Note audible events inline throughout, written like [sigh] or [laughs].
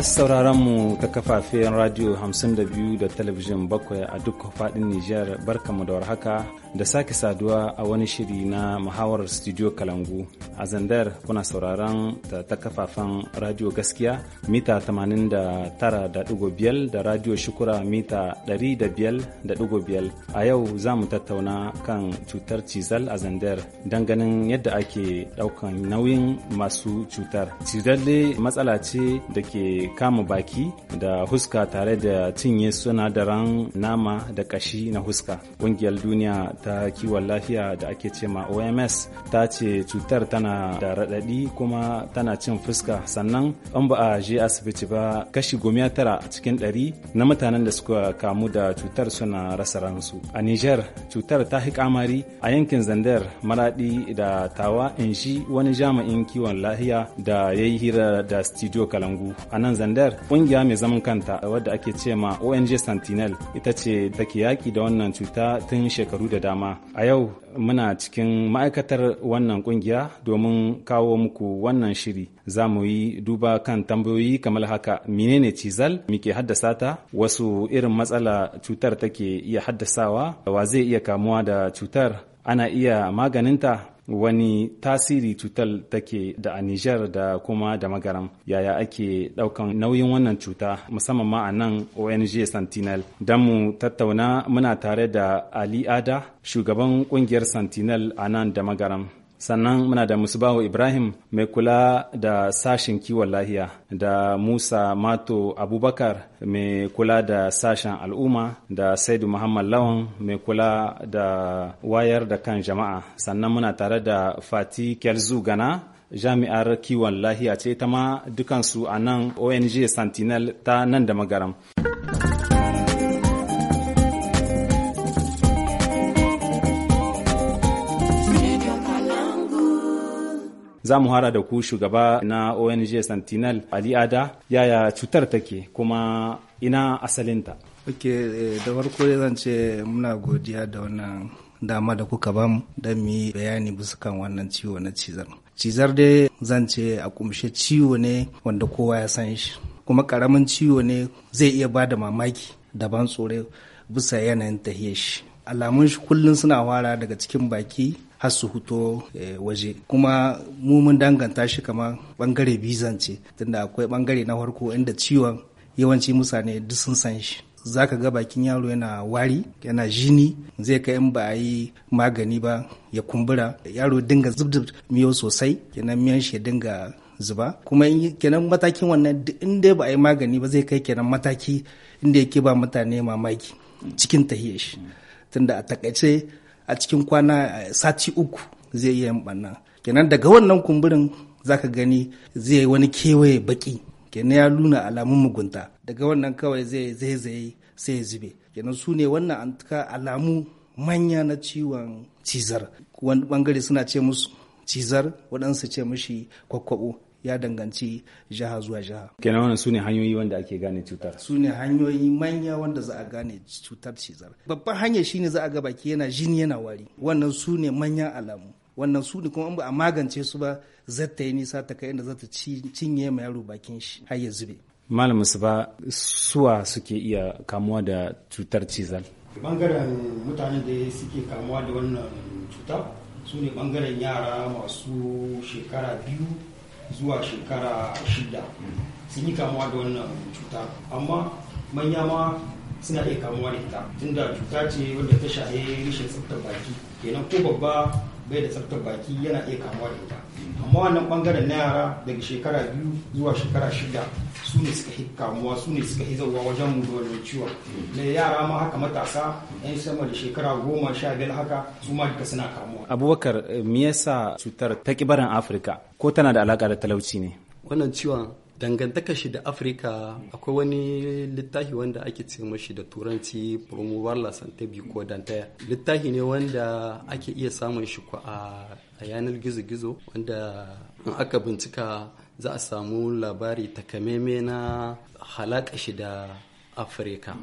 masu sauraron mu ta kafafen radio 52 da talabijin bakwai a duk faɗin Nijar barkamu da warhaka da sake saduwa a wani shiri na muhawarar studio Kalangu a Zandar kuna sauraron ta, ta kafafen radio gaskiya mita 89.5 da radio shukura mita 105.5 a yau za mu tattauna kan cutar cizal a Zandar ganin yadda ake ɗaukan nauyin masu cutar. Cizal matsala ce da ke kama baki da huska tare da cinye sunadaran nama da kashi na huska ƙungiyar duniya ta kiwon lafiya da ake ce ma oms ta ce cutar tana da raɗaɗi kuma tana cin fuska sannan an ba a je asibiti ba kashi gomiya tara cikin ɗari na mutanen da suka kamu da cutar suna rasa ransu a niger cutar ta hi kamari a yankin zandar maraɗi da tawa in ji wani jami'in kiwon lafiya da ya yi hira da studio kalangu a nan zandar kungiya mai zaman kanta wadda ake ce ma ong sentinel ita ce take yaki da wannan cuta tun shekaru da dama a yau muna cikin ma'aikatar wannan kungiya domin kawo muku wannan shiri za mu yi duba kan tambayoyi kamar haka menene cizal muke haddasa ta wasu irin matsala cutar take iya haddasawa wa zai iya kamuwa da cutar ana iya maganinta wani tasiri cutar take da a Nijar da kuma da magaram yaya ake daukan nauyin wannan cuta musamman ma a nan ONG Sentinel don mu tattauna muna tare da Ali Ada shugaban kungiyar Sentinel a nan da magaram sannan muna da musbahu ibrahim mai kula da sashen kiwon lahiya da musa mato abubakar mai kula da sashen al'umma da saidu muhammad lawan mai kula da wayar da kan jama'a sannan muna tare da fati kelzu gana jami'ar kiwon lahiya ce ta ma dukansu a nan ong sentinel ta nan da magaram. za mu hara da ku shugaba na ONG Sentinel Ali Ada yaya cutar take kuma ina asalinta. Ok, eh, da farko zan ce muna godiya da wannan dama da kuka bamu don mu yi bayani bisa kan wannan ciwo na cizar. Cizar dai zan ce a kumshe ciwo ne wanda kowa ya san shi, kuma karamin ciwo ne zai iya ba da mamaki daban tsore bisa yanayin tahiyar shi. Alamun shi kullum suna wara daga cikin baki har su huto eh, waje kuma mu mun danganta shi kamar bangare bizance tunda akwai bangare na farko inda ciwon yawanci mutane duk sun san shi za ka ga bakin yaro yana wari yana jini zai kai in ba a yi magani ba ya kumbura yaro dinga zubzub miyo sosai kenan miyan shi dinga zuba kuma kenan matakin wannan in dai ba a yi magani ba zai kai kenan mataki inda yake ba mutane mamaki cikin tahiyar shi tunda a takaice a cikin kwana eh, sati uku zai iya yin ɓanna kenan daga wannan kumburin zaka gani zai yi wani kewaye baki kenan ya nuna alamun mugunta daga wannan kawai zai zai sai ya zube kenan su ne wannan an alamu manya na ciwon cizar wani bangare suna ce musu cizar waɗansu ce mishi kwakwabo ya danganci jiha zuwa jiha kenan wannan ne hanyoyi wanda ake gane cutar ne hanyoyi manya wanda za a gane cutar cizar babban hanya shine za a ga baki yana jini yana wari wannan su ne manyan alamu wannan su ne kuma ba a magance su ba zata yi nisa ta kai inda zata cinye ma yaro bakin shi har ya zube malam ba suwa suke iya kamuwa da cutar cizar. bangaren mutane da suke kamuwa da wannan cuta su ne bangaren yara masu shekara biyu zuwa shekara shida sun yi kamuwa da wannan cuta amma manya ma suna iya kamuwa da ita tunda cuta ce wadda ta shahe rashin tsaftar baki kenan ko babba bai da tsaftar baki yana iya kamuwa da ita amma wannan bangaren na yara daga shekara biyu zuwa shekara shida su ne suka hi kamuwa su ne suka hi zauwa wajen mu da wannan ciwon da yara ma haka matasa yan sama da shekara goma sha biyar haka su ma duka suna kamuwa abubakar me yasa cutar ta kibaran afirka ko tana da alaka da talauci ne wannan ciwon dangantaka shi da afirka akwai wani littafi wanda ake ce mashi da turanci promouvoir la ko dantaya littafi ne wanda ake iya samun shi ko a yanar gizo-gizo wanda in aka bincika za a samu labari takameme na halaka shi da afirka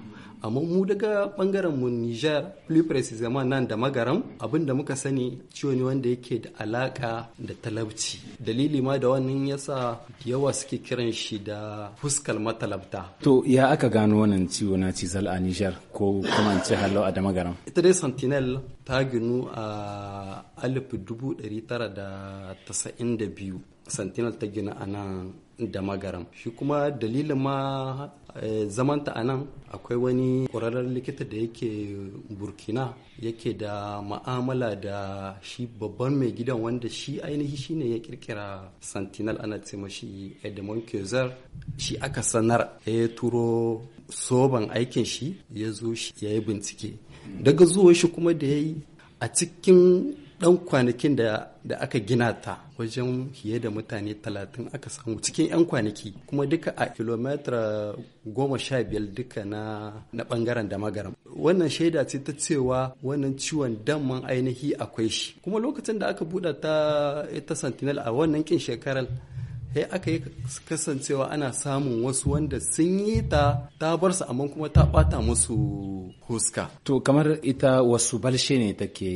amma mu daga bangaren mu niger plus précisément nan da magaram abin da muka sani ciwo ne wanda yake da alaka da talauci dalili ma da wannan yasa yawa suke kiran shi da fuskal matalabta to ya aka gano wannan ciwo na cizal a niger ko kuma an ce hallo a da magaram ita dai sentinel ta ginu a 1992 santinal ta gina a nan da magaram shi kuma dalilin ma eh, zamanta a nan akwai wani ƙwararren likita da yake burkina yake da ma'amala da shi babban mai gidan wanda shi ainihi shine ya kirkira santinal ana ce mashi edmond kezar shi aka sanar ya turo soban aikin shi ya zo shi ya yi bincike daga zuwa shi kuma da ya yi a cikin ɗan kwanakin da aka gina ta wajen fiye da mutane talatin aka samu cikin 'yan kwanaki kuma duka a kilomita goma sha biyar duka na, na bangaren da magaram wannan shaida ce ta cewa wannan ciwon damman ainihi akwai shi kuma lokacin da aka buɗa ta ita sentinel a wannan kin shekarar sai aka yi kasancewa ana samun wasu wanda sun yi ta ta bar su amma kuma ta bata musu huska to kamar ita wasu balshe ne take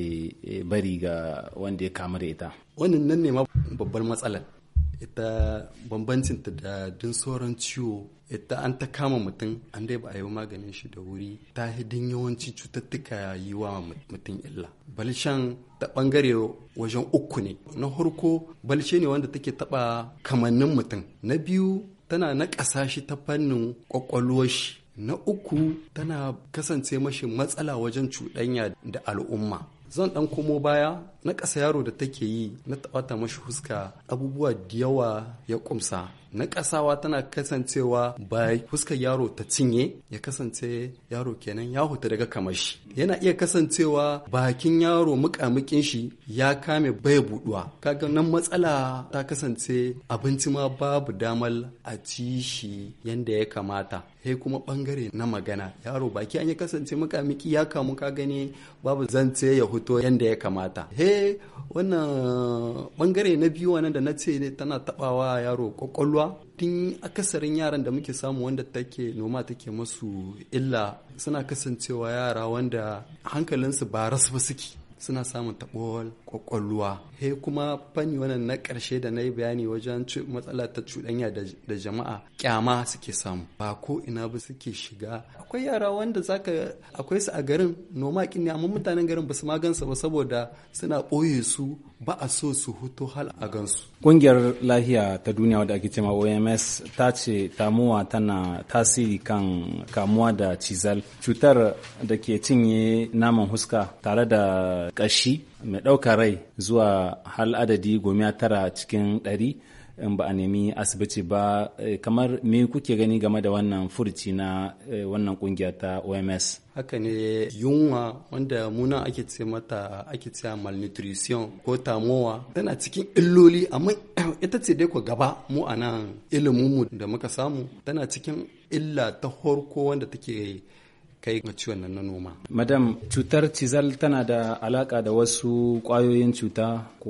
eh, bari ga wanda ya kamar ita wannan nan ne ma babbar matsalar ita bambancinta da din sauran ciwo ita an ta kama mutum an dai ba a yi maganin shi da wuri ta hidin yawanci cututtuka yi wa mutum illa balshan ta bangare wajen uku ne na harko balshe ne wanda take taba kamannin mutum na biyu tana na shi ta fannin ƙwaƙwalwa shi na uku tana kasance mashi matsala wajen cuɗanya da al'umma zan ɗan komo baya na ƙasa yaro da take yi na taɓata mashi huska abubuwa da yawa ya ƙumsa. naƙasawa tana kasancewa ba fuskar yaro ta cinye ya kasance yaro kenan ya huta daga kamashi yana iya kasancewa bakin yaro mukamukin shi ya kame bai buduwa kaga nan matsala ta kasance abinci ma babu damal a ci shi yanda ya kamata sai kuma bangare na magana yaro baki an ya kasance mukamiki ya kamu ka gani babu zance ya huto yanda ya kamata he wannan bangare na biyu wannan da na ce tana tabawa yaro kwakwalwa rayuwa tun akasarin yaran da muke samu wanda take noma take masu illa suna kasancewa yara wanda hankalinsu ba rasu ba suke suna samun taɓowar kwakwalwa he kuma fanni wannan na karshe da na yi bayani wajen matsala ta cuɗanya da jama'a kyama suke samu ba ko ina ba suke shiga akwai yara wanda zaka akwai su a garin noma ne amma mutanen garin ba su ma gansa ba saboda suna ɓoye su ba a so su huto hal a gansu kungiyar lafiya ta duniya wadda ake cewa oms ta ce tamuwa tana tasiri kan kamuwa da cizal cutar da ke cinye naman huska tare da ƙashi mai ɗaukar rai zuwa hal adadi goma tara cikin ɗari in ba a nemi asibiti ba eh, kamar me kuke gani game da wannan furci na eh, wannan kungiya ta oms haka ne yunwa wanda muna ake ce mata ake ce malnutrition ko tamowa tana cikin illoli amma [clears throat] ita ce dai ku gaba mu a nan ilimin mu da muka samu tana cikin illa ta horko wanda take kai ga ciwon nan na noma. Madam, cutar cizal tana da alaƙa da wasu ƙwayoyin cuta ko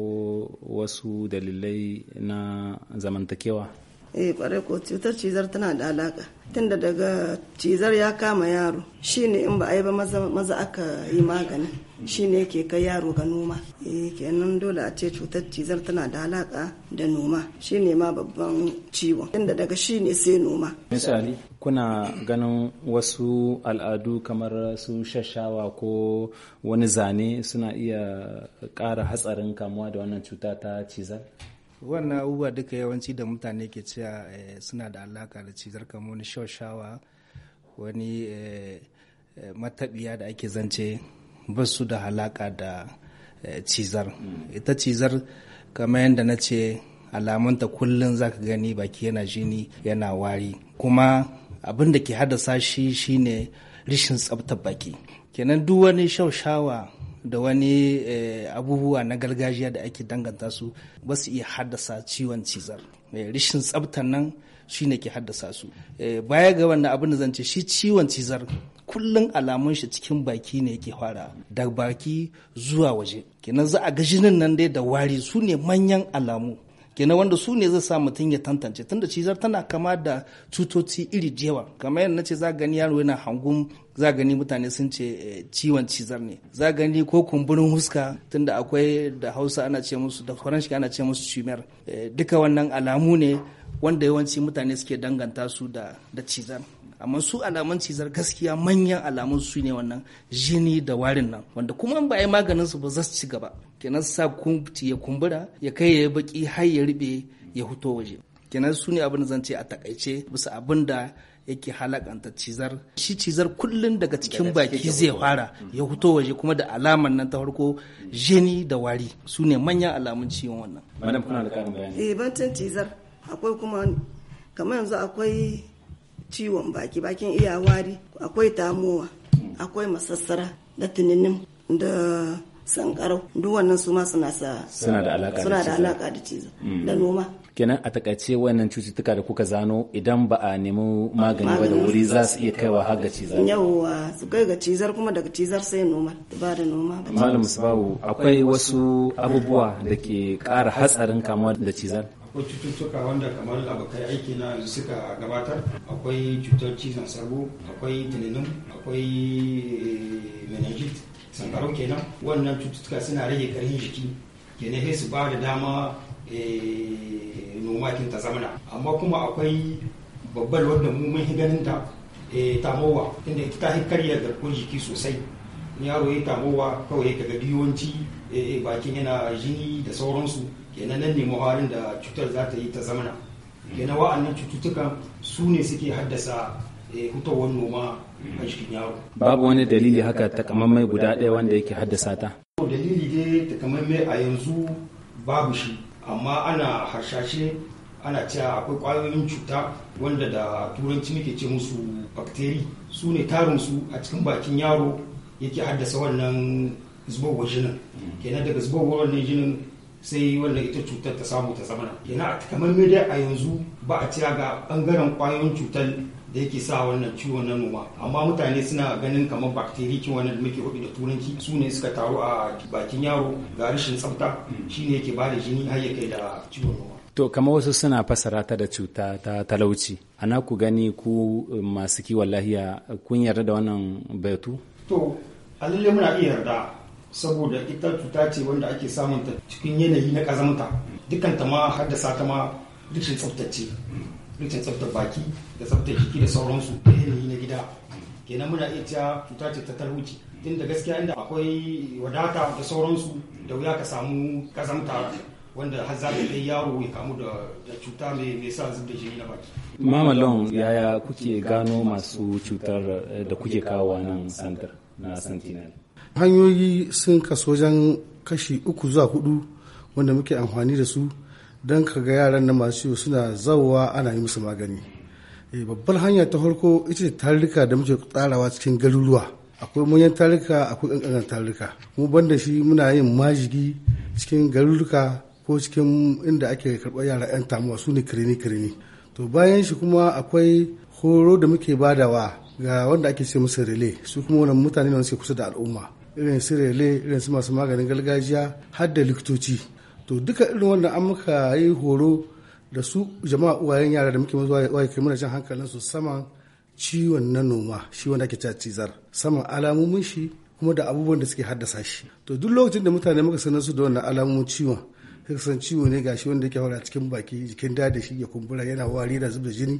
wasu dalilai na zamantakewa? Eh, ƙwarai ko cutar cizar tana da alaka. Tunda daga cizar ya kama yaro, shine in ba a yi ba maza aka yi magani. shi ne ke kai yaro ga noma e kenan dole a ce cutar cizar tana da alaka da noma shi ne ma babban ciwo. inda daga shi ne sai noma misali kuna ganin wasu al'adu kamar su shashawa ko wani zane suna iya ƙara hatsarin kamuwa da wannan cuta ta cizar wannan abubuwa duka yawanci da mutane ke cewa eh, suna da alaka da cizar kamar wani shashawa wani eh, mataɓiya da ake zance ba su da halaka da eh, cizar ita cizar kamar yadda na ce alamanta kullum zaka gani baki yana jini yana wari kuma abin da ke haddasa shi shine rishin tsabtar baki kenan duk wani shaushawa da wani eh, abubuwa na gargajiya da ake danganta su ba su iya haddasa ciwon cizar eh, rishin tsabtar nan shi ne ke haddasa su eh, baya ga wannan abin da zan ce shi ciwon cizar kullum alamun shi cikin baki ne yake fara da baki zuwa waje kenan za a ga jinin nan dai da wari su ne manyan alamu kenan wanda su ne zai sa mutum ya tantance tunda cizar tana kama da cutoci iri jewa kamar yadda na ce za gani yaro yana hangun za gani mutane sun ce eh, ciwon cizar ne za gani ko kumburin huska tunda akwai da hausa ana ce musu da faranshi ana ce musu cimer eh, duka wannan alamu ne wanda yawanci mutane suke danganta su da cizar amma su alamun cizar gaskiya manyan alamun su ne wannan jini da warin nan wanda kuma ba a yi maganin su ba za su ci gaba kenan sa kumti ya kumbura ya kai ya baki har ya rube ya huto waje kenan su ne abin da zan ce a takaice bisa abin da yake halakanta cizar shi cizar kullum daga cikin baki zai fara ya huto waje kuma da alamar nan ta farko jini da wari su ne manyan alamun ciwon wannan madam kuna da karin bayani eh cizar akwai kuma kamar yanzu akwai ciwon baki bakin iya wari akwai tamowa akwai masassara da tuninin da sankarau duk wannan su ma suna da alaka da cizo mm. da noma kenan a takaice wannan cututtuka da kuka zano idan ba a nemi magani ba da wuri za su iya kaiwa har ga cizar yawwa su kai ga cizar kuma daga cizar sai noma ba da noma malam sababu akwai wasu abubuwa da ke kara hatsarin kamuwa da cizar akwai cututtuka wanda kamar abokai aiki na suka gabatar akwai cutar cizon sabo akwai tunanin akwai eh, meningitis sankaro kenan wannan cututtuka suna rage karfin jiki kenan sai su ba da dama eh, kin ta zamana amma kuma akwai babbar wanda mu mun ganin ta eh, tamowa inda ita ta karya garkuwar jiki sosai yaro ya tamowa kawai ka ga yawanci bakin yana jini da sauransu kenan nan ne muharin da cutar za ta yi ta zamana kenan wa'annan cututtukan su ne suke haddasa eh, hutawar noma a cikin yaro babu wani dalili haka takamammai guda ɗaya wanda yake haddasa ta dalili dai takamammai a yanzu babu shi amma ana harshashe ana cewa akwai ƙwayoyin cuta wanda da turanci muke ce musu bakteri su ne tarin su a cikin bakin yaro yake haddasa wannan zubowar jinin mm. kenan daga zubowar wannan sai wannan ita cutar ta samu ta zamana yana a takamaiman dai a yanzu ba a ciya ga bangaren kwayoyin cutar da yake sa wannan ciwon na noma amma mutane suna ganin kamar bakteri ke wannan da muke da turanci su ne suka taru a bakin yaro ga rashin shi shine yake bada jini har ya kai da ciwon noma to kamar wasu suna fasara ta da cuta ta talauci ana ku gani ku eh, masu kiwon lahiya kun yarda da wannan batu to a lalle muna iya yarda saboda ita cuta ce wanda ake samun ta cikin yanayi na kazanta dukkan ta ma haddasa ta ma rikin tsaftace rikin tsaftar baki da tsaftar jiki da sauransu da yanayi na gida kenan muna iya cewa cuta ce ta tun da gaskiya inda akwai wadata da sauransu da wuya ka samu kazanta wanda har za ka kai yaro ya kamu da cuta mai sa zub da jini na baki. Mamalon yaya kuke gano masu cutar da kuke kawo nan santar na Sentinel? hanyoyi sun kaso wajen kashi uku zuwa hudu wanda muke amfani da su don kaga yaran na masu ciwo suna zawowa ana yi musu magani eh, babbar hanya ta farko ita ce tarurruka da muke tsarawa cikin garuruwa akwai manyan tarurruka akwai ƙanƙanan tarurruka mu banda shi muna yin majigi cikin garuruka ko cikin inda ake karɓar yara 'yan tamuwa su ne kirini kirini to bayan shi kuma akwai horo da muke badawa ga wanda ake ce musu rele su kuma wannan mutane ne suke kusa da al'umma irin su rele irin su masu maganin gargajiya har da likitoci to duka irin wannan an muka yi horo da su jama'a uwayen yara da muke mazuwa ya kai muna jan hankalin su saman ciwon na noma shi wanda ake cewa cizar saman alamomin shi kuma da abubuwan da suke haddasa shi to duk lokacin da mutane muka sanar su da wannan alamomin ciwon sai san ciwo ne gashi wanda yake hawa cikin baki jikin da shi ya kumbura yana wari da zubda jini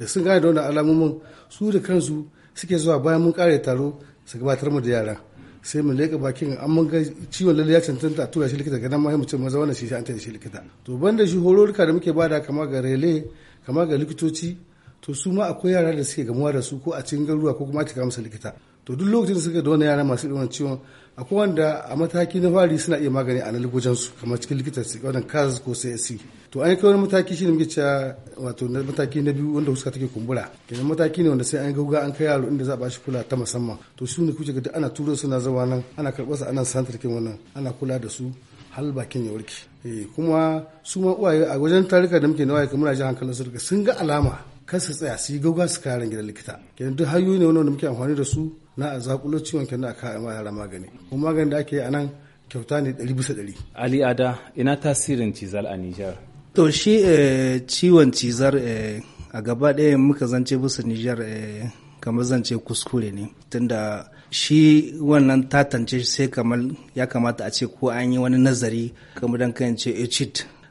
da sun gane da wannan alamomin su da kansu suke zuwa bayan mun kare taro su gabatar mu da yara sai mu leka bakin an mun ga ciwon lalle ya cancanta tura shi likita ga nan ma maza wannan shi an tare shi likita to banda shi hororuka da muke bada kamar ga rele kamar ga likitoci to su ma akwai yara da suke gamuwa da su ko a cikin garuruwa ko kuma a cika musu likita to duk lokacin da suka da wani yara masu irin ciwon akwai wanda a mataki na fari suna iya magani a nan su kamar cikin likita su wannan kaz ko csc to an kai wani mataki shi ne muke cewa wato na mataki na biyu wanda huska take kumbura kenan mataki ne wanda sai an gauga an kai yaro inda za a bashi kula ta musamman to su ne kuke ga ana turo suna zawa nan ana karɓar su ana santar kin wannan ana kula da su hal bakin ya warke eh, kuma su ma uwaye a wajen tarika da muke na waye kamar ajin hankalin su sun ga alama kar su tsaya su yi gauga su kayan gidan likita kenan duk hanyoyi ne wanda muke amfani da su na a zakulo ciwon kenan a kawo ma yara magani kuma magani da ake yi a nan kyauta ne ɗari bisa ɗari. Ali Ada ina tasirin cizar a Nijar? To shi eh, ciwon cizar eh, a gaba ɗaya muka zance bisa Nijar eh, kamar zance kuskure ne tunda shi wannan tatance sai kamar ya kamata a ce ko an yi wani nazari kamar dan kan ce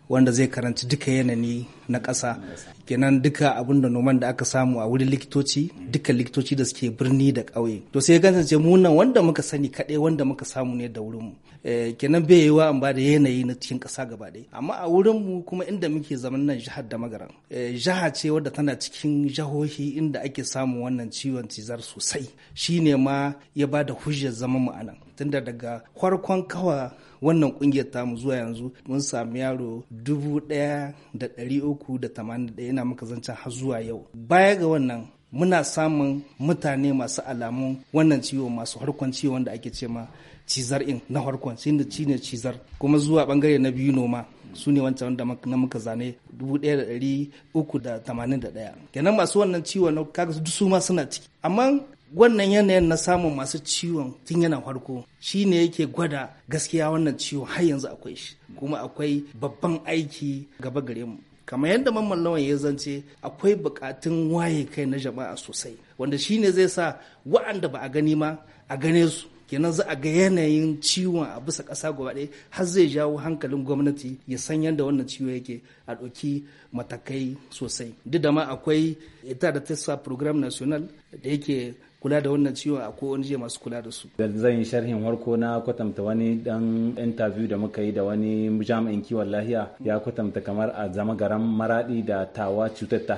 wanda zai karanci duka yanayi na ƙasa kenan duka abin da noman da aka samu a wurin likitoci duka likitoci da suke birni da ƙauye to sai ce mu nan wanda muka sani kaɗai wanda muka samu ne da wurinmu eh, kenan bai yiwa an ba da yanayi na cikin ƙasa gaba ɗaya amma a wurin mu kuma inda muke zaman nan jihar da magaran eh, jiha ce wadda tana cikin jihohi inda ake samun wannan ciwon cizar sosai shine ma ya ba da hujjar zaman mu a nan. tunda daga farkon kawa wannan kungiyar tamu zuwa yanzu mun samu yaro dubu daya da dari uku da tamanin da yana muka zancen har zuwa yau baya ga wannan muna samun mutane masu alamun wannan ciwo masu harkon ciwo wanda ake ce ma cizar in na harkon shi ne cine cizar kuma zuwa bangare na biyu noma su ne wancan wanda na muka zane dubu daya da da da dari uku daya. kenan masu wannan ciwo na kaga su ma suna ciki amma wannan yanayin na samun masu ciwon tun yana farko shi ne yake gwada gaskiya wannan ciwo har yanzu akwai shi kuma akwai babban aiki gaba gare mu kamar yadda mamman lawan ya zance akwai bukatun waye kai na jama'a sosai wanda shi ne zai sa wa'anda ba a gani ma a gane su kenan za a ga yanayin ciwon a bisa ƙasa gaba ɗaya har zai jawo hankalin gwamnati ya san yadda wannan ciwo yake a ɗauki matakai sosai duk da ma akwai ita da tesa program national da yake kula da wannan ciwon a kowane jiya masu kula da su. Zan yi sharhin harko na kwatanta wani dan interview da muka yi da wani jami'in kiwon lahiya ya kwatanta kamar a zama garan maradi da tawa cutar ta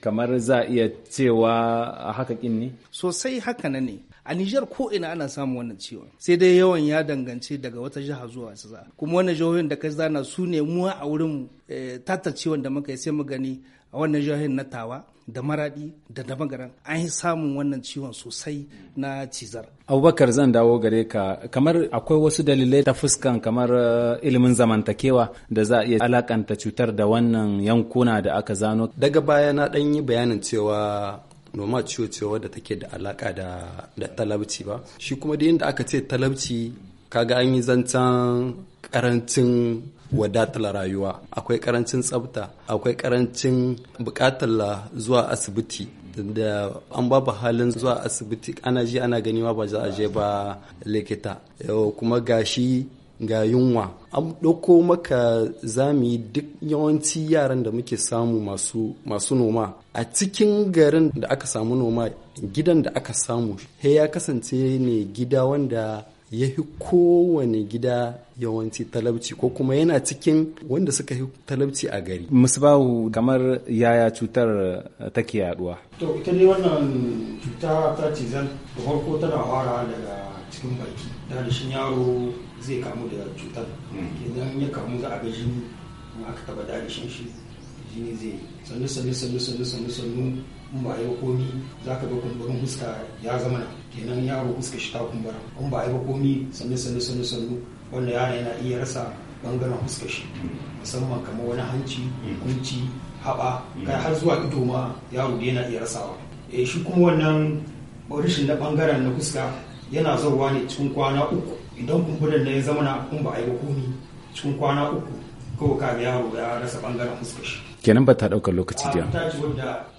Kamar za a iya cewa a haka kin ne? Sosai haka na ne. a Nijar ko ina ana samun wannan ciwon sai dai yawan ya danganci daga wata jiha zuwa wata za kuma wannan jihohin da ka zana su ne mu a wurin eh, tata ciwon da muka yi sai mu gani a wannan jihohin na tawa da maradi da damagaran an yi samun wannan ciwon sosai na cizar abubakar zan dawo gare ka kamar akwai wasu dalilai ta fuskan kamar eh, ilimin zamantakewa da za a iya alakanta cutar da wannan yankuna da aka zano daga baya na ɗan yi bayanin cewa noma ciwo ce wadda take da alaka da, da talabci ba shi kuma da yadda aka ce talabci kaga an yi zancen karancin wadatar rayuwa akwai karancin tsafta akwai karancin bukatar zuwa asibiti da an babu halin zuwa asibiti ana ji ana gani ganiwa ba za a je ba likita kuma gashi ga yunwa an ɗauko maka zami duk yawanci yaran da muke samu masu, masu noma a cikin garin da aka samu noma gidan da aka samu he ya kasance ne gida wanda ya fi kowane gida yawanci talabci ko kuma yana cikin wanda suka yi talabci a gari. Musbahu kamar yaya cutar take yaduwa. To ita dai wannan cuta ta zan. da farko tana fara daga cikin baki. Da shi yaro zai kamu da cutar. Idan ya kamu za a ga jini aka taba da shi jini zai sannu sannu sannu sannu sannu in ba a yi komi za ka ga kumburin huska ya zama na kenan yaro huska shi ta kumbura in ba a yi komi sannu sannu sannu sannu wanda yaro yana iya rasa bangaren huska shi musamman kamar wani hanci kunci haɓa kai har zuwa ido ma yaro da yana iya rasawa eh shi kuma wannan rashin na bangaren na huska yana zauwa ne cikin kwana uku idan kumburin na ya zama na in ba a yi komi cikin kwana uku kawai ka yaro ya rasa bangaren huska shi kenan ba ta ɗaukar lokaci jiya.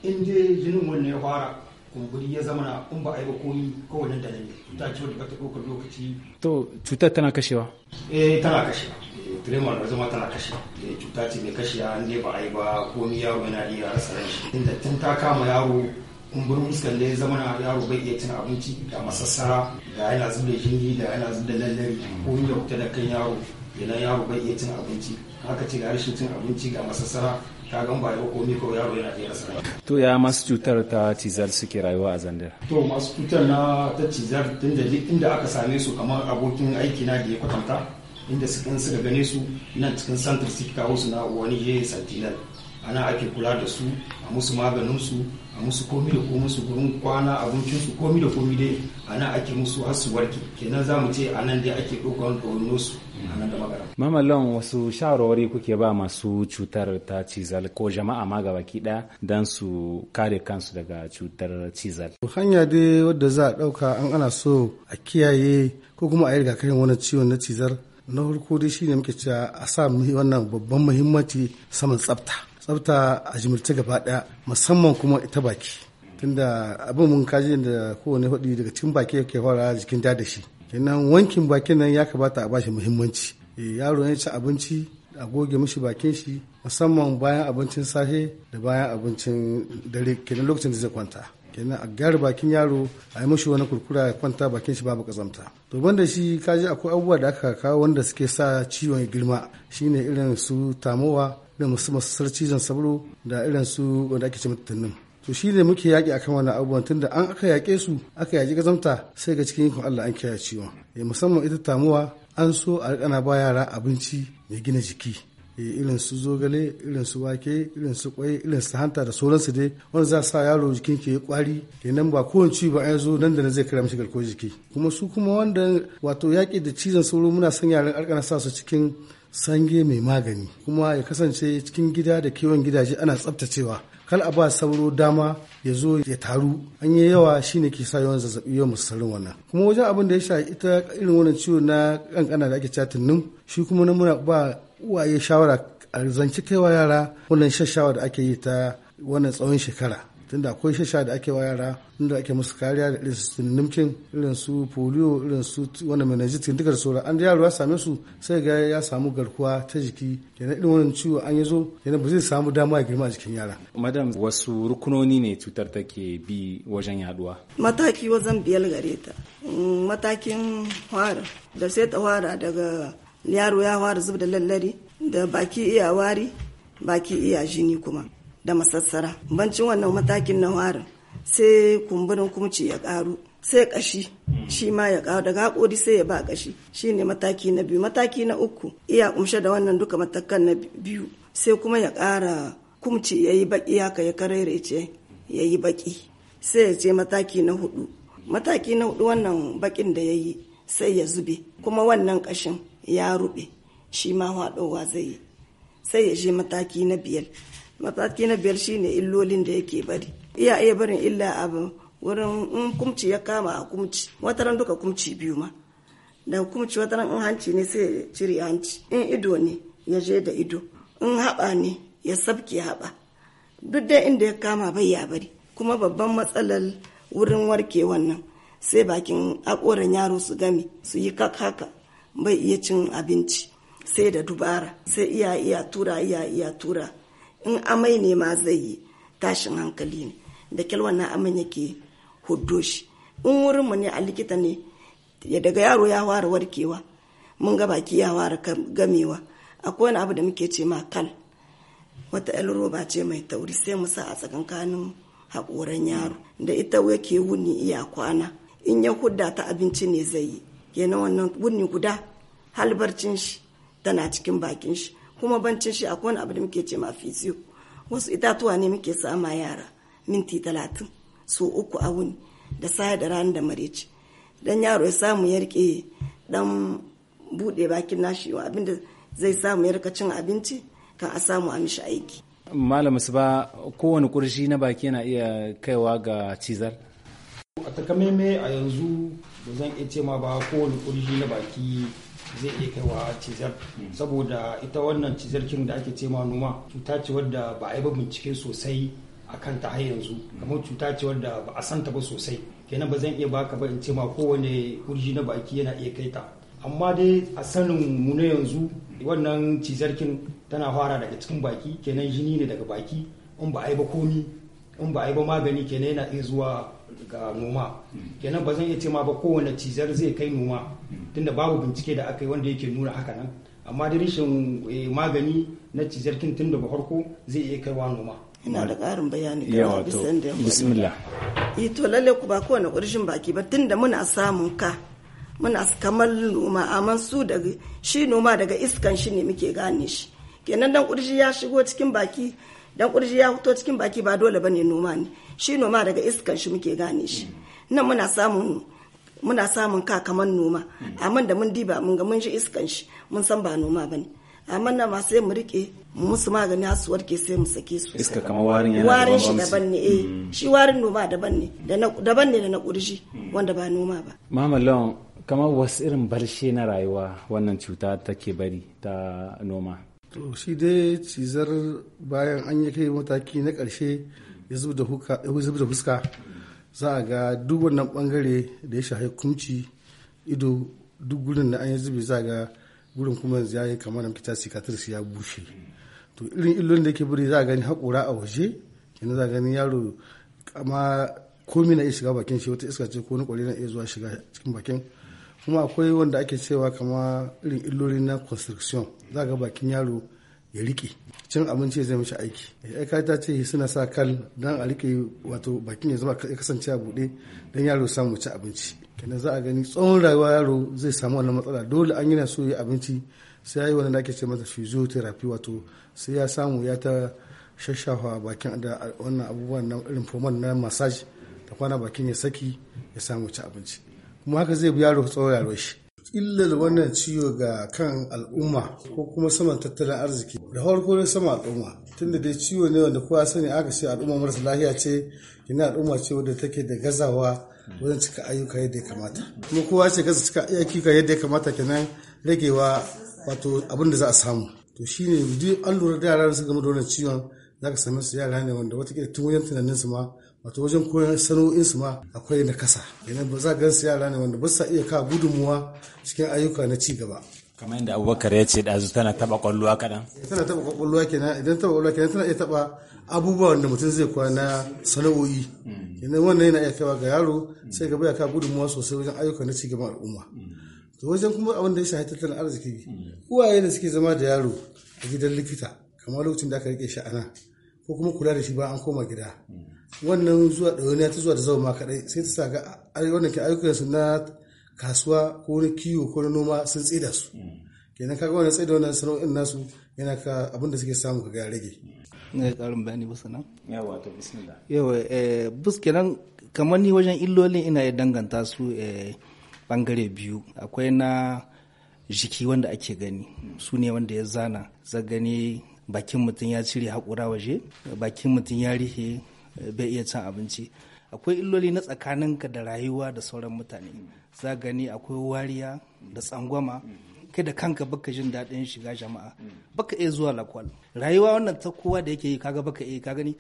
in dai jinin wannan ya fara kumburi ya zama in ba a yi ba koyi kowane da nan ta ci wadda ba ta ɗaukar lokaci to cutar tana kashewa eh tana kashewa eh, tremor da zama tana kashe eh, cuta ce mai kashe ya ne ba a yi ba komi yaro yana iya rasa ran shi inda tun ta kama yaro kumburin iskan da ya zama na yaro bai iya cin abinci ga masassara ga yana da shingi da yana da lallari komi ya fita da kan yaro yana yaro bai iya cin abinci haka ce ga rashin cin abinci ga masassara ta gan ba yau ko yaro yana iya rasa to ya masu cutar ta cizar suke rayuwa a zandar to masu cutar na ta cizar tun da duk inda aka same su kamar abokin aiki na da ya kwatanta inda kan suka gane su nan cikin santar suke kawo su na wani je santinal ana ake kula da su a musu maganin su a musu komi da komi su gurin kwana abincin su komi da komi dai ana ake musu har su warke kenan za mu ce nan dai ake ɗaukar ɗauno su a nan wasu shawarwari kuke ba masu cutar ta cizal ko jama'a ma gaba ɗaya don su kare kansu daga cutar cizal. Hanya dai wadda za a ɗauka an ana so a kiyaye ko kuma a yi rigakafin wani ciwon na cizar na farko dai ne muke cewa a sa wannan babban muhimmanci saman tsafta tsafta a jimirce gaba ɗaya musamman kuma ita baki tunda abin mun kaji da kowane hudu daga cikin baki yake fara jikin dadashi kenan wankin bakin nan ya kamata a bashi muhimmanci eh, yaro ya ci abinci a goge mishi bakin shi musamman bayan abincin safe da bayan abincin dare kenan lokacin da zai kwanta kenan a gyara bakin yaro a yi mishi wani kurkura ya kwanta bakin shi babu kazamta to banda shi ka kaji akwai abubuwa da aka kawo wanda suke sa ciwon girma shine irin su tamowa da musu sarci cizon sabro da irin su wanda ake ce mutunin to shi ne muke yaƙi akan wannan abubuwan da an aka yaƙe su aka yaƙi gazamta sai ga cikin ikon Allah an kiyaye ciwon eh, musamman ita tamuwa an so a rikana ba yara abinci mai gina jiki eh, irin su zogale irin su wake irin su kwai irin su hanta da sauransu dai wanda za sa yaro jikin ke kwari kenan ba kowane ci ba ya zo nan da zai kira mishi garkuwar jiki kuma su kuma wanda wato yaƙi da cizon sauro muna son yaran arkana sa su cikin sange mai magani kuma ya kasance cikin gida da kewan gidaje ana tsaftacewa Kar a ba sauro dama ya zo ya taru an yi yawa shine ke sa yawan zazzabi yawan musarin wannan kuma wajen abin da ya sha ita irin wannan ciwo na kankana da ake cewa nim shi kuma na muna ba uwaye shawara a zanci kaiwa yara wannan shashawa da ake yi ta wannan tsawon shekara tunda akwai shisha da ake wa yara inda ake musu kariya da irin su nimkin irin su polio irin su wannan meningitis duka da sauran an yaro ya same su sai ga ya samu garkuwa ta jiki kenan irin wannan ciwo an yi zo kenan ba zai samu dama ya girma a jikin yara madam wasu rukunoni ne cutar take bi wajen yaduwa mataki wajen biyar gare ta mm, matakin fara da sai ta fara daga yaro ya fara zub da lallari da baki iya wari baki iya jini kuma da masassara bancin wannan matakin na warin sai kumburin kumci ya karu sai kashi shi ma ya karu daga haƙori sai ya ba kashi shi ne mataki na biyu mataki na uku iya kumshe da wannan duka matakan na biyu sai kuma ya kara kumci ya yi baƙi haka ya karerece ya yi baƙi sai ya ce mataki na hudu mataki na hudu wannan baƙin da ya yi sai ya zube kuma wannan kashin ya ruɓe shi ma haɗowa zai yi sai ya je mataki na biyar mataki na biyar shine illolin da yake bari iya iya barin illa abu wurin in kumci ya kama a kumci wataran duka kumci biyu ma da kumci wataran in hanci ne sai cire hanci in ido ne ya je da ido in haɓa ne ya sabke haɓa duk da inda ya kama bai ya bari kuma babban matsalar wurin warke wannan sai bakin akoran yaro su gami su yi haka bai iya cin abinci sai da dubara sai iya iya tura iya iya tura in amai ne ma zai yi tashin hankali ne da kyal na amai yake hudo shi in wurin mu ne a likita ne ya daga yaro ya ware warkewa mun ga baki ya ware gamewa akwai wani abu da muke ce ma kal wata yar roba ce mai tauri sai mu sa a tsakankanin haƙoran yaro da ita yake wuni iya kwana in ya hudda ta abinci ne zai yi kenan wannan wuni guda halbarcin shi tana cikin bakin shi kuma bancin shi akwai wani abu da muke ce ma wasu itatuwa ne muke sama yara minti talatin so uku a wuni da sayar da ranar da mareci dan yaro ya samu ya rike dan bude bakin nashi abinda zai samu ya rika cin abinci kan a samu a mishi aiki malam ba kowane kurshi na baki yana iya kaiwa ga cizar a takamaimai a yanzu ba zan iya ce ma ba kowane kurshi na baki zai iya kaiwa cizar saboda ita wannan cizar kin da ake ce ma noma cuta ce wadda ba a yi ba bincike sosai a kan ta har yanzu kamar cuta ce wadda ba a santa ba sosai kenan ba zan iya baka ba in ce ma kowane kurji na baki yana iya kai ta amma dai a sanin mu na yanzu wannan cizarkin tana fara daga cikin baki kenan jini ne daga baki in ba a yi ba komi in ba a yi ba magani kenan yana iya zuwa ga noma kenan ba zan iya ce ma ba kowane cizar zai kai noma tunda babu bincike da aka yi wanda yake nuna haka nan amma da rashin eh, magani na cizar kin tunda ba farko zai iya kai wa noma ina da ƙarin bayani ga bisan da bismillah eh to lalle ku ba kowane ƙurshin baki ba tunda muna samun ka muna kamar noma amma su daga shi noma daga iskan shi ne muke gane shi kenan dan ƙurji ya shigo cikin baki dan kurji ya fito cikin baki ba dole bane noma ne shi noma daga iskan shi muke gane shi nan muna samun muna samun ka kamar noma amma da mun diba mun ga mun ji iskan shi mun san ba noma bane amma nan ma sai mu rike musu magani su warke sai mu sake su iska kamar warin yana warin shi daban ne eh hmm. shi warin noma daban ne daban ne da na kurji wanda ba noma ba mamalon kamar wasu irin barshe na rayuwa wannan cuta take bari ta noma to shi dai cizar bayan an yi kai mataki na ƙarshe ya zub da fuska za a ga duk wannan bangare da ya shahi kumci ido duk gurin da an yi zubi za a ga gurin kuma ya yi kamar da kita ya bushe to irin illolin da ke buri za a gani haƙura a waje yana za a gani yaro kama komi na iya shiga bakin shi wata iska ce ko wani kwari na iya zuwa shiga cikin bakin kuma akwai wanda ake cewa kama irin illolin na construction za ga bakin yaro ya riƙe cin abinci zai mishi aiki aika ta ce suna sa kal don a riƙe wato bakin ya zama ya kasance a buɗe don yaro samu ci abinci kenan za a gani tsawon rayuwa yaro zai samu wannan matsala dole an na so ya abinci sai ya yi wani ake ce masa physiotherapy wato sai ya samu ya ta shashafa bakin da wannan abubuwan na irin foman na massage da kwana bakin ya saki ya samu ci abinci kuma haka zai bi yaro tsawon rayuwar shi illar wannan ciwo ga kan al'umma ko kuma saman tattalin arziki da farko ne sama al'umma tunda dai ciwo ne wanda kowa sani aka ce al'umma marasa lafiya ce kina al'umma ce wadda take da gazawa wajen cika ayyuka yadda ya kamata kuma kowa ce gaza cika ayyuka yadda ya kamata kenan ragewa wato abin da za a samu to shine duk an lura da yaran su game da wannan ciwon zaka same su yara ne wanda wata watakila tun wajen tunanin su ma wato wajen koyon su ma akwai na kasa. idan ba za gan su yara ne wanda ba sa iya ka gudunmuwa cikin ayyuka na ci gaba kamar yadda abubakar ya ce ɗazu tana taɓa ƙwallo kaɗan eh, tana taɓa ƙwallo kenan idan taɓa ƙwallo kenan tana iya taɓa abubuwa wanda mutum zai kwana sana'o'i idan hmm. wannan yana iya kaiwa ga yaro sai gaba ya ka gudunmuwa sosai wajen ayyuka na ci gaban al'umma hmm. to wajen kuma abin da ya shafi tattalin arziki hmm. uwaye da suke zama da yaro a gidan likita kamar lokacin da aka rike shi a nan ko kuma kula da shi ba an koma gida wannan zuwa ɗauniya ta zuwa da zama kaɗai sai ta a yi wannan ke ayyukansu na kasuwa ko na kiwo ko na noma sun tsida su kenan kaga wannan tsaida wannan sana'o'in nasu yana ka abin da suke samu ga ya rage ne karin bayani ba sana yawa to bismillah yawa eh bus kenan kamar ni wajen illolin ina ya danganta su eh bangare biyu akwai na jiki wanda ake gani su ne wanda ya zana zagani bakin mutum ya cire haƙura waje bakin mutum ya rihe bai iya cin abinci akwai illoli na tsakaninka da rayuwa da sauran mutane za gani akwai wariya da tsangwama kai da kanka baka jin daɗin shiga jama'a baka iya zuwa lakwal rayuwa wannan ta kowa da yake yi kaga baka iya ka gani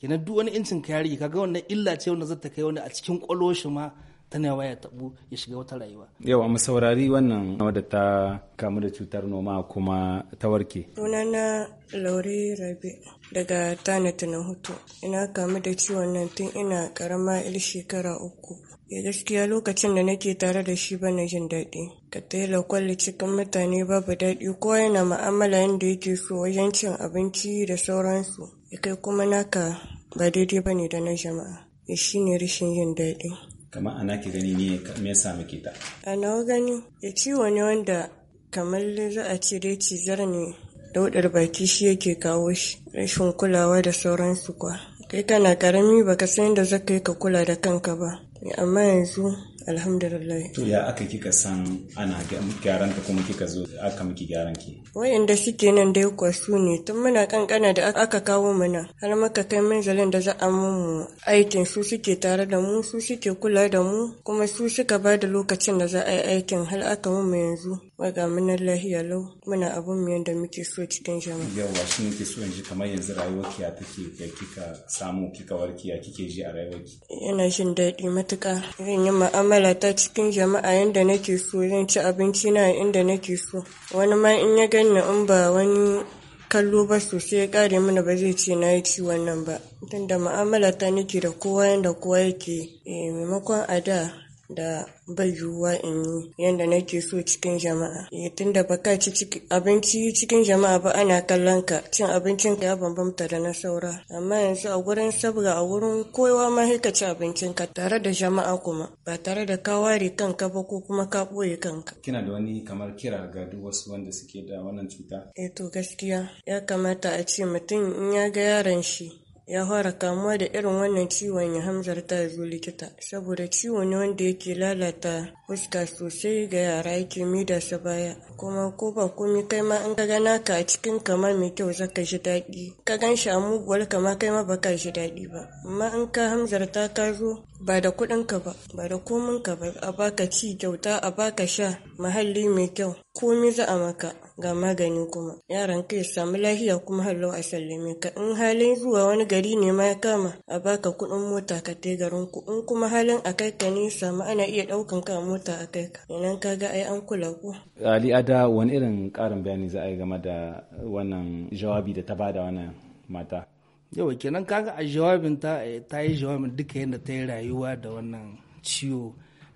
kenan duk wani incin ka ya rige kaga wannan illa ce wanda zata kai wani a cikin kwalo ma tana yawa ya tabu ya shiga wata rayuwa yawa mu saurari wannan wadda ta kamu da cutar noma kuma ta warke sunana laure rabi daga tana Tana hutu ina kamu da ciwon nan tun ina karama il shekara uku ya eh, gaskiya lokacin da nake tare da shi bana jin daɗi ka taila kwalli cikin mutane babu daɗi ko yana ma'amala yadda yake so wajen cin abinci da sauransu ya kai kuma naka ba daidai bane da na jama'a eh, shi ne rashin jin daɗi kamar ana ke gani ne me yasa muke ta a nawa gani ya eh, ciwo ne wanda kamar za a ce dai cizar ne daudar baki shi yake kawo shi rashin kulawa da sauransu kwa kai kana karami baka san da zaka yi ka kula da kanka ba amma yanzu alhamdulillah to ya aka kika san ana gyaran ta kuma kika zo aka miki gyaran ki Wayanda suke nan dai kuwa su ne tun muna kankana da aka kawo mana har muka kai manzalin da za a mu aikin su suke tare da mu su suke kula da mu kuma su suka ba da lokacin da za a yi aikin har aka mu yanzu ga munan lahiya lau muna abun mu yanda muke so cikin jama'a. Yawa shi nake so in kamar yanzu ki ya take ya kika samu kika warki ya kike ji a ki Yana jin daɗi matuƙa zan yi mu'amala ta cikin jama'a yanda nake so zan ci abinci na inda nake so wani ma in ya gani Sannan in ba wani kallo ba sosai ya kare mana ba zai ce na yi ci wannan ba. Tunda mu'amala ta nake da kowa yanda kowa yake eh, maimakon a da da bai yiwuwa in yi yadda nake so cikin jama'a eh, tun da ka ci abinci cikin jama'a ba ana kallon ka cin abincin ya bambamta da na saura amma yanzu a wurin sabga a wurin kowa ma ka ci abincin ka tare da jama'a kuma ba tare da ka ware kanka ba ko kuma ka ɓoye kanka kina da wani kamar kira ga duk wasu wanda suke da wannan cuta eh to gaskiya ya kamata a ce mutum in ya ga yaron shi ya fara kamuwa da irin wannan ciwon ya hamzar ya zo likita saboda ciwo ne wanda yake lalata fuska sosai ga yara yake mida su baya kuma ko ba komi kai ma in ka gana ka a cikin kama mai kyau za ka shi daɗi ka gan shi a muguwar kama kai ma baka shi daɗi ba amma in ka hanzarta ka zo ba da kuɗin ka ba ba da komin ka ba a baka ci kyauta a baka sha muhalli mai kyau komi za a maka ga magani kuma yaran ka ya samu lafiya kuma hallau a sallame ka in halin zuwa wani gari ne ma ya kama a baka kuɗin mota ka tai garin ku in kuma halin a kai ka nisa ma ana iya ɗaukan ka mota a kai ka idan ka ga ai an kula ku. Ali Ada wani irin ƙarin bayani za a yi game da wannan jawabi da ta bada wannan mata. Yau kenan kaga a jawabin ta eh, ta yi jawabin duka yadda ta yi rayuwa da wannan ciwo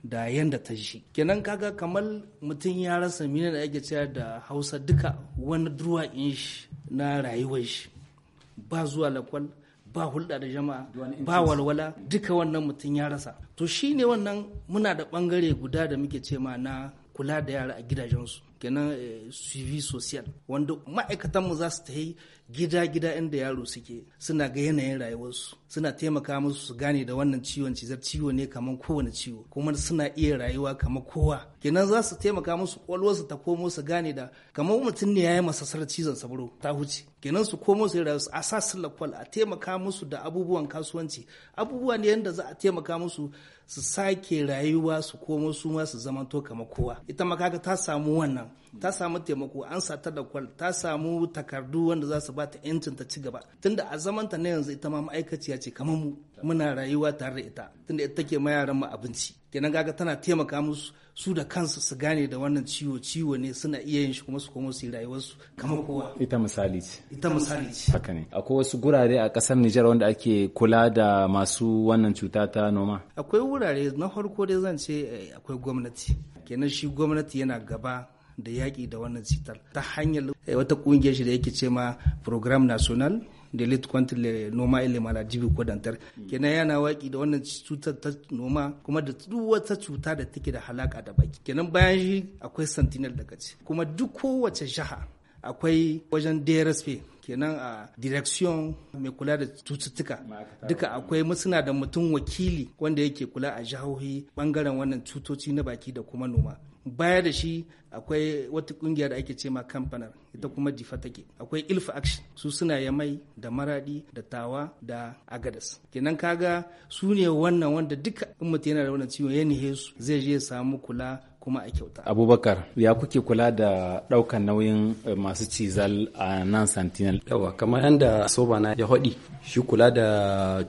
da yanda ta shi kenan kaga kamar mutum ya rasa mini da ake cewa da hausa duka wani duruwa shi na rayuwar shi ba zuwa lakwal ba hulɗa da jama'a ba walwala duka wannan mutum ya rasa to shine wannan muna da ɓangare guda da muke ce na kula da yara a gidajensu kenan eh, suivi social wanda ma'aikatanmu za su ta yi gida-gida inda yaro suke suna ga yanayin rayuwarsu suna taimaka musu su gane da wannan ciwon cizar ciwo ne kamar kowane ciwo kuma suna iya rayuwa kamar kowa kenan za su taimaka musu kwalwarsu ta komo su gane da kamar mutum ne ya yi sarar cizon sabro ta huce kenan su komo su rayu a sa su lakwal a taimaka musu da abubuwan kasuwanci abubuwa ne yadda za a taimaka musu su sake rayuwa su komo su ma su zamanto kamar kowa ita ma ta samu wannan ta samu taimako an sata da kwal ta samu takardu wanda za su bata yancin ta ci gaba tunda a zaman ta na yanzu ita ma ma'aikaciya ce kamar mu muna rayuwa tare da ita tunda ita take mayaran mu abinci kenan gaga tana taimaka musu su da kansu su gane da wannan ciwo ciwo ne suna iya yin shi kuma su koma su yi rayuwarsu kamar kowa ita misali ce ita misali ce haka ne akwai wasu gurare a kasar Nijar wanda ake kula da masu wannan cuta ta noma akwai wurare na farko dai zan ce eh, akwai gwamnati kenan shi gwamnati yana gaba da yaƙi da wannan cutar ta hanyar eh, wata ƙungiyar shi da yake ce ma program national da lit contre le noma et le maladie kodantar kenan yana waki da wannan cutar ta noma kuma da duk wata cuta da take da halaka da baki kenan bayan shi akwai sentinel da kace kuma duk kowace jaha akwai wajen DRSP kenan a direction mai kula da cututtuka duka akwai suna da mutum wakili wanda yake kula a jihohi bangaren wannan cutoci na baki da kuma noma baya da shi akwai wata kungiya da ake ma kamfanar ita kuma jifa take akwai ilf action su suna yamai da maradi da tawa da agadas kenan kaga su ne wannan wanda duka in mutum yana da wannan ciwon ya nihe su zai je samu kula kuma a kyauta. Abubakar, ya kuke kula da ɗaukar nauyin eh, masu cizal a nan santinal Yawa, kamar yadda soba na ya haɗi, shi kula da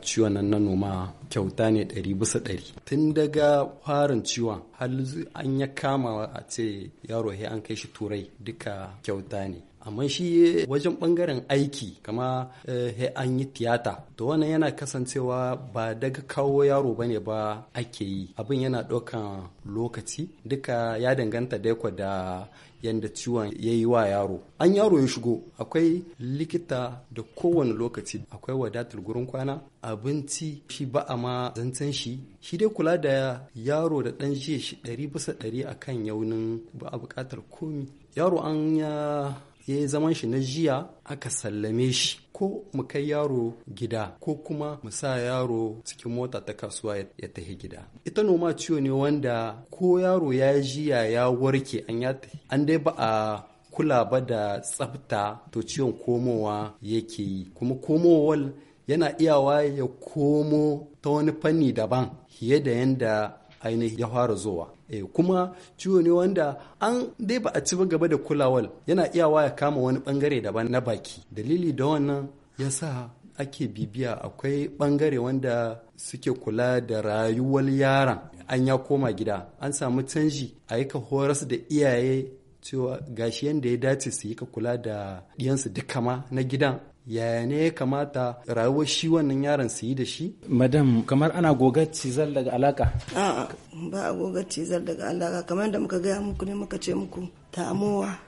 ciwon nan na noma kyauta ne ɗari bisa ɗari. Tun daga farin ciwon, hal an ya kama a ce yaro an kai shi turai duka kyauta ne. amma shi wajen bangaren aiki kama eh, an yi tiyata to wannan yana kasancewa ba daga kawo yaro bane ba ake yi abin yana ɗaukan lokaci duka ya danganta da da yadda ciwon ya yi wa yaro an yaro ya shigo akwai likita da kowane lokaci akwai wadatar gurin kwana abinci shi ba a ma zancen shi shi dai kula da yaro da ɗan shi ɗari bisa ɗari akan yaunin ba a buƙatar komi yaro an ya ya yi zaman shi na jiya aka sallame shi ko mu kai yaro gida ko kuma mu sa yaro cikin mota ta kasuwa ya tafi gida ita noma ciwo ne wanda ko yaro ya jiya ya warke an ya an dai ba a kula ba da tsafta to ciwon komowa yake yi kuma komowar yana iyawa ya komo ta wani fanni daban fiye da yadda ainihin ya fara zuwa eh kuma ciwo ne wanda an dai ba a ci gaba da kulawal yana iyawa ya kama wani bangare daban na baki dalili da wannan ya sa ake bibiya akwai bangare wanda suke kula da rayuwar yaran an ya koma gida an samu canji a yi horas da iyaye cewa gashi yadda ya dace su yi ka kula da ɗiyansu duka ma na gidan yaya ne ya kamata rayuwar shi wannan yaron su yi da shi? madam kamar ana gogar cizar daga alaka a'a ba a gogar cizar daga alaka kamar da muka gaya muku ne muka ce muku tamowa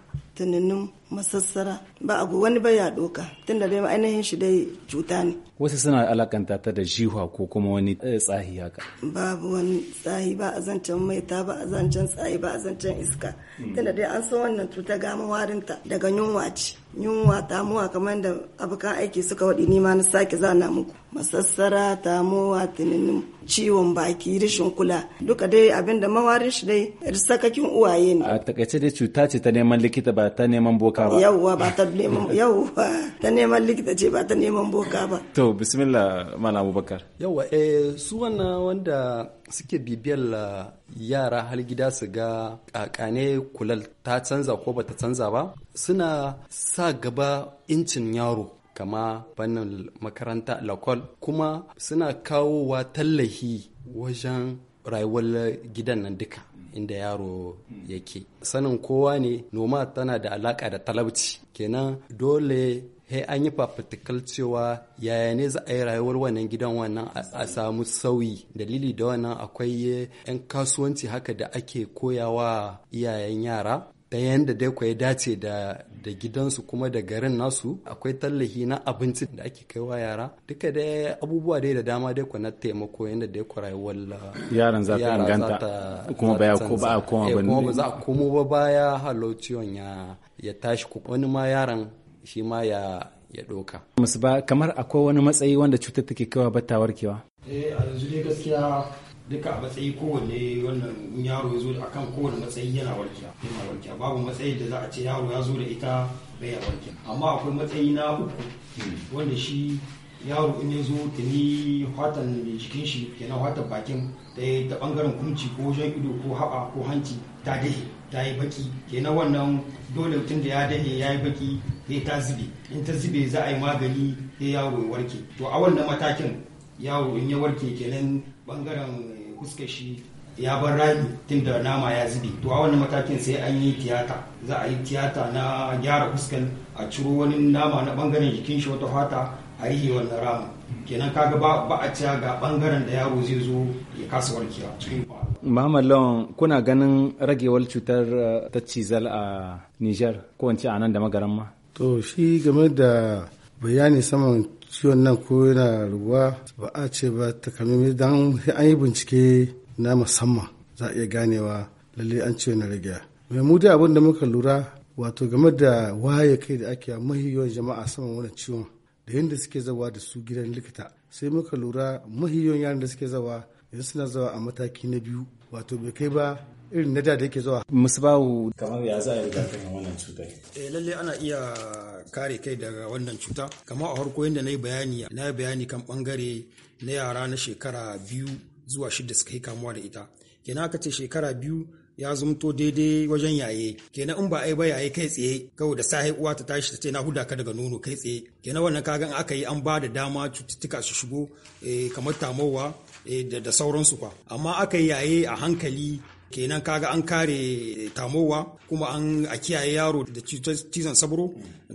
tunanin masassara ba a wani ba ya doka tun da dai ainihin shi dai cuta ne wasu suna alakanta ta da jiwa ko kuma wani eh, tsahi haka babu wani tsahi ba a zancen maita ba a zancen tsahi ba a zancen iska hmm. tun da dai an san wannan cuta gama warinta daga yunwa ce yunwa tamuwa kamar da abokan aiki suka waɗi ma na sake zana muku masassara tamuwa tunanin ciwon baki rashin kula duka dai abinda mawarin shi dai sakakin uwaye ne a takaice dai cuta ce ta neman likita ba ta neman boka ba yawwa ba ta neman [laughs] yawwa ta neman likita ce ba ta neman boka ba to bismillah malam abubakar yawwa eh su wannan wanda suke bibiyar eh, yara har gida su ga kakane kulal ta canza ko ba ta canza ba suna sa gaba incin yaro kama fannin makaranta lakol kuma suna kawowa tallahi wajen rayuwar gidan nan duka inda yaro yake sanin kowa ne noma tana da alaka da talauci kenan dole he an yi fafatikal cewa yaya ne za a yi rayuwar wannan gidan wannan a samu sauyi dalili da wannan akwai 'yan kasuwanci haka da ake koyawa iyayen yara ta yadda dai ku ya dace da da gidansu kuma da garin nasu akwai tallahi na abinci da ake kaiwa yara duka da abubuwa dai da dama dai na taimako yadda dai ku rayuwar ah, yaran za ta inganta kuma baya ko ba a koma ba eh, ne ba za a komo ba baya halo ciwon ya ya tashi ku wani ma yaran shi ma ya ya doka musu ba kamar akwai wani matsayi wanda cutar take kaiwa ba ta warkewa eh a yanzu dai gaskiya duka a matsayi kowanne wannan yaro ya zo da akan kowane matsayi yana warkiya yana warkiya babu matsayin da za a ce yaro ya zo da ita bai warkiya amma akwai matsayi na uku wanda shi yaro in ya zo tuni hatan jikin shi kenan hatan bakin da bangaren kunci ko wajen ido ko haɓa ko hanci ta dahe ta yi baki kenan wannan dole mutum da ya dahe ya yi baki sai ta zube in ta zube za a yi magani sai yaro ya warke to a wannan matakin yaro in ya warke kenan bangaren kuska shi ya bar rami da nama ya zube to a wannan matakin sai an yi tiyata za a yi tiyata na gyara fuskan a ciro wani nama na bangaren jikin shi wata fata a rihe wannan ramin kenan kaga ba ba a ciya ga bangaren da yaro zai zo ya kasa warkewa Muhammad Lawan kuna ganin ragewar cutar uh, ta cizal a Niger ko a nan da magaran ma to shi game da bayani saman ciwon nan ko yana ruwa ba a ce ba takamaimai don an yi bincike na musamman za a iya ganewa lalle an ciwon na rage mai mu dai abin da muka lura wato game da waye kai da ake mahiyon jama'a saman wannan ciwon da yadda suke zawa da su gidan likita sai muka lura mahiyon yaran da suke zawa yanzu suna zawa a mataki na biyu wato bai kai ba irin na da da yake zuwa musbawu kamar ya za a yi wannan cutar eh lalle ana iya kare kai daga wannan cuta kamar a farko yadda na yi bayani na yi bayani kan bangare na yara na shekara biyu zuwa shida suka yi kamuwa da ita kenan aka ce shekara biyu ya zumto daidai wajen yaye kenan in ba ai ba yaye kai tsaye kawai da sahi uwa ta tashi ta ce na huda ka daga nono kai tsaye kenan wannan kagan aka yi an ba da dama cututtuka su shigo eh, kamar tamowa eh, da sauransu kwa amma aka yi yaye a hankali kenan kaga an kare tamowa kuma an a kiyaye yaro da cizon sabro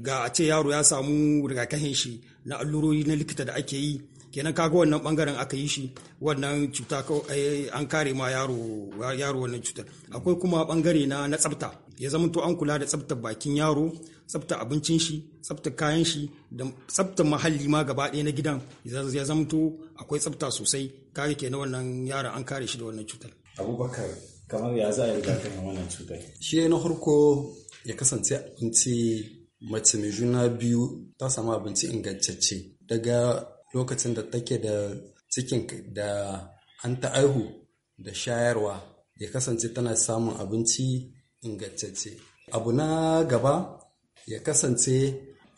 ga a ce yaro ya samu rigakafin shi na allurori na likita da ake yi kenan kaga wannan bangaren aka yi shi wannan cuta eh, an kare ma yaro yaro wannan cutar akwai kuma bangare na na tsafta ya zama to an kula da tsaftar bakin yaro tsaftar abincin shi tsaftar kayan shi da tsaftar muhalli ma gaba ɗaya na gidan ya zama to akwai tsafta sosai kaga kenan wannan yaron an kare shi da wannan cutar abubakar kamar ya za a yi kan wannan cutar shi na farko ya kasance abinci mace mai juna biyu ta samu abinci ingantacce daga lokacin da take da cikin da an ta aihu da shayarwa ya kasance tana samun abinci ingantacce abu na gaba ya kasance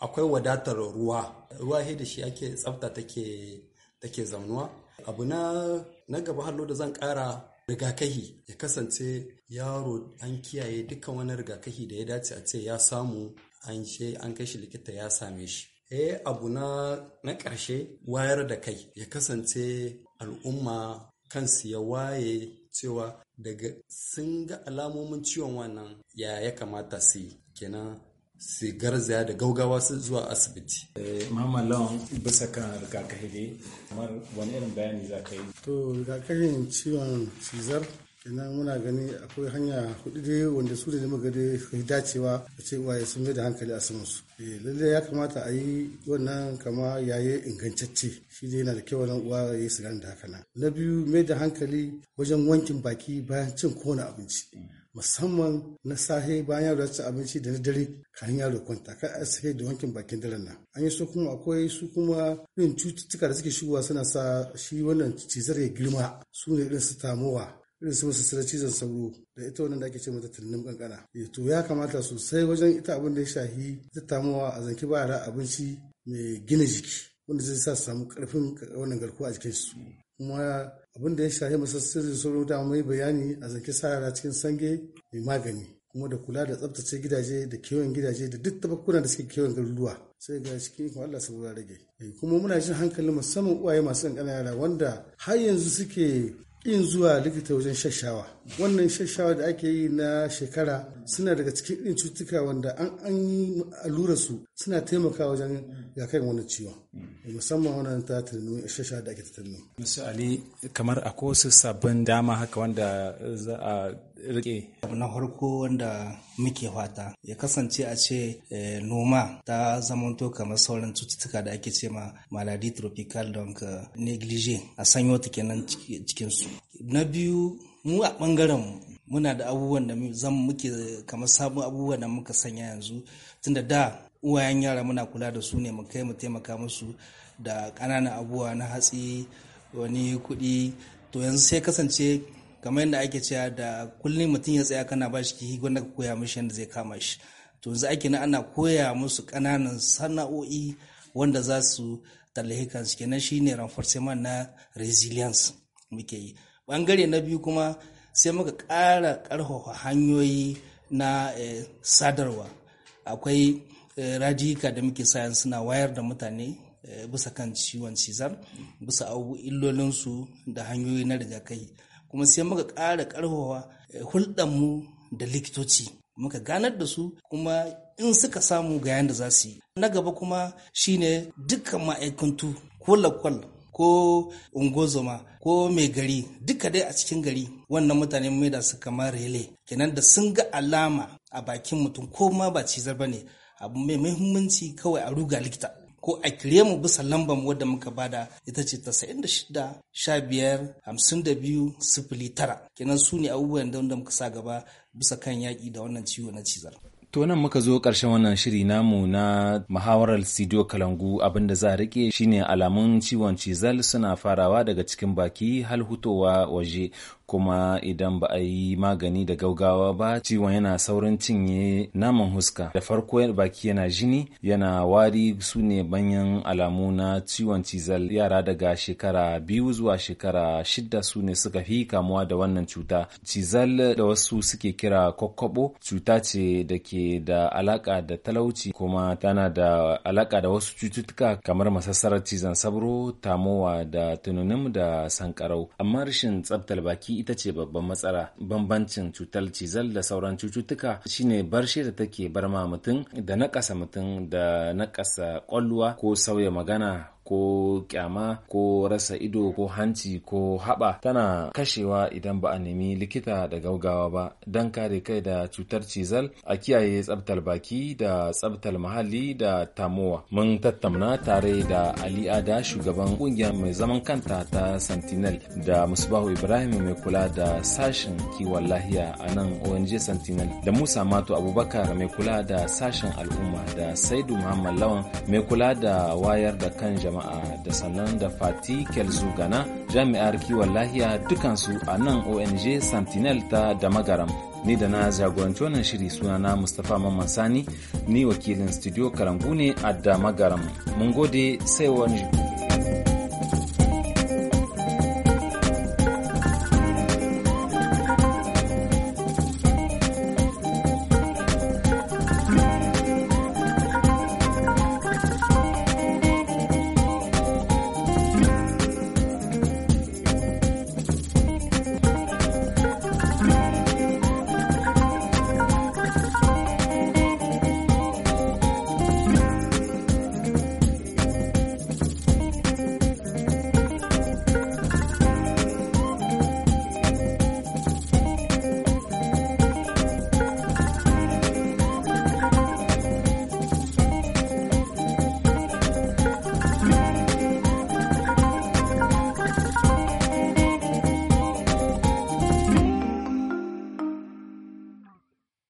akwai wadatar ruwa ruwa da shi ake tsafta take take zaunuwa abu na gaba hallo da zan kara rigakahi ya kasance yaro an kiyaye dukkan wani rigakahi da ya dace a ce ya samu an she an kai shi likita ya same shi eh abu na na ƙarshe wayar da kai ya kasance al'umma kansu ya waye cewa daga sun ga alamomin ciwon wannan ya ya kamata su yi kenan su garzaya da gaugawa su zuwa asibiti. Eh, Muhammad Lawan bisa kan rigakafi dai kamar wani irin bayani za ka yi. To rigakafin ciwon cizar kenan muna gani akwai hanya hudu dai wanda su da muka dai dacewa a ce uwaye sun mai da hankali a saman eh, lallai ya kamata a yi wannan kama yaye ingantacce shi dai yana da kyau wannan uwa ya yi su da haka nan. Na biyu mai da hankali wajen wankin baki bayan cin kowane abinci. musamman na sahe bayan yaro ci abinci da na dare kan yaro kwanta kar a sai da wankin bakin daren nan an yi su kuma akwai su kuma irin cututtuka da suke shigowa suna sa shi wannan cizar ya girma su ne irin su tamowa irin su masu cizon sauro da ita wannan da ake ce mata tunanin kankana eh to ya kamata sosai wajen ita abin da ya shahi ta tamowa a zanki ba abinci mai gina jiki wanda zai sa su samu karfin wannan garkuwa a jikin su kuma abin da ya shahi masassirin sauro da mai bayani a zaki sarara cikin sange mai magani kuma da kula da tsabtace gidaje da kewan gidaje da duk tabakuna da suke kewan garuruwa sai ga cikin ikon Allah ya rage eh, kuma muna jin hankalin musamman uwaye masu ƙanƙana yara wanda har yanzu suke yin zuwa likita wajen shashawa wannan shashawa da ake yi na shekara suna daga cikin irin cutuka, wanda an an yi su suna taimakawa wajen ga kan wani ciwon musamman wannan ta tunanu shasha da ake tattalin. Musu Ali kamar a kosu sabbin dama haka wanda za a rike. na harko wanda muke fata ya kasance a ce eh, noma ta zamanto kamar sauran cututtuka da ake ce ma maladi tropical don ka eh, neglige a sanyo ta kenan cikinsu. Na biyu mu a ɓangaren muna da abubuwan da muke eh, kamar sabon abubuwan da muka sanya yanzu tunda da uwayen yara muna kula da su ne mu kai mu taimaka musu da ƙananan abubuwa na hatsi wani kuɗi to yanzu sai kasance kamar yadda ake cewa da kullum mutum ya tsaya kana ba shi ki wanda ka koya mishi yadda zai kama shi to yanzu ake na ana koya musu ƙananan sana'o'i wanda za su tallahi kansu kenan shine reinforcement na resilience muke yi bangare na biyu kuma sai muka ƙara ƙarfafa hanyoyi na eh, sadarwa akwai Eh, rajika da muke sayan suna wayar da mutane eh, bisa kan ciwon cizar bisa abu illolinsu da hanyoyi na rigakai kuma sai muka ƙara ƙarfawa eh, hulɗarmu da likitoci muka ganar da su kuma in suka samu ga yanda za su yi na gaba kuma shine dukkan ma'aikantu ko lakwal ko ungozoma ko mai gari duka dai a cikin gari wannan mutane mai da su kamar rele kenan da sun ga alama a bakin mutum ko ma ba cizar ba ne abu mai muhimmanci kawai a ruga likita ko a kire mu bisa lambar wadda muka bada ita ce sifili tara kenan su ne abubuwan da muka sa gaba bisa kan yaƙi da wannan ciwo na cizar. To nan muka zo ƙarshen wannan shiri namu na muhawarar studio Kalangu abin da za a rike shine alamun ciwon cizal suna farawa daga cikin baki hal hutowa waje kuma idan ba a yi magani da gaugawa ba ciwon yana saurin cinye naman huska da farko baki yana jini yana wari su ne banyan alamu na ciwon cizal yara daga shekara biyu zuwa shekara shida su ne suka fi kamuwa da wannan cuta cizal da wasu suke kira kwakwabo cuta ce da ke da alaka da talauci kuma tana da alaka da wasu cututtuka kamar masassarar cizon sabro tamowa da tunanin da sankarau amma rashin tsabtar baki ita ce babban matsala bambancin cutar cizal da sauran cututtuka shine barshe da take barma mutum da na ƙasa mutum da na ƙasa ƙwallowa ko sauya magana ko kyama ko rasa ido ko hanci ko haɓa tana kashewa idan ba a nemi likita da gaugawa ba don kare kai da cutar cizal a kiyaye tsabtar baki da tsabtar muhalli da tamowa mun tattauna tare da ali ada shugaban kungiya mai zaman kanta ta sentinel da musbahu ibrahim mai kula da sashen kiwon lahiya a nan ong sentinel da musa mato abubakar mai kula da sashen al'umma da saidu muhammad lawan mai kula da wayar da kan jama'a jama'a da sannan da fati kelzu gana jami'ar kiwon lahiya dukansu a nan ong sentinel ta damagaram magaram ni da na jagoranci wannan shiri sunana mustapha mamman sani ni wakilin studio kalangu ne a da mun gode sai wani